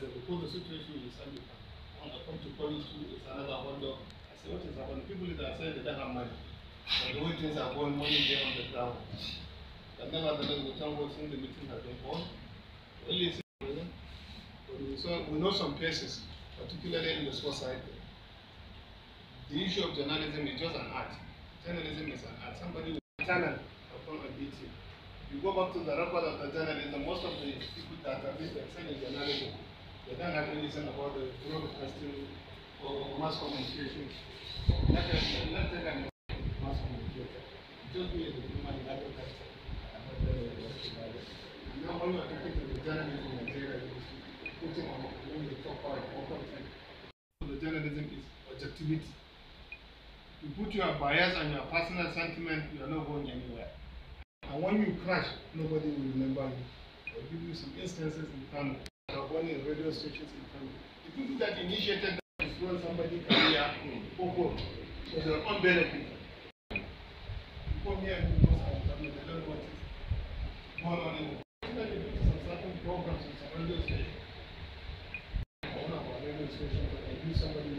said, because the situation is and when I come to polish you, it's another wonder. I said, what is happening? People that are saying they don't have money. But the way things are going, money there on the ground. But nevertheless, the town was in the meeting has been on. Only we, saw, we know some places, particularly in the society. The issue of journalism is just an art. Journalism is an art. Somebody will channel upon a beating. You go back to the record of the journalism, most of the people that are being excel journalism an application about the growth of festival or mass communication. Let us let mass Just all are talking to the journalism in Nigeria is putting on only the top The journalism is objectivity. You put your bias and your personal sentiment, you are not going anywhere. And when you crash, nobody will remember you. I'll give you some instances in family running radio stations in The people that initiated that is when somebody career open for their own benefit. You come here and do those they don't know what is going on in the do some certain programs in some radio stations. One of our radio stations, but you, somebody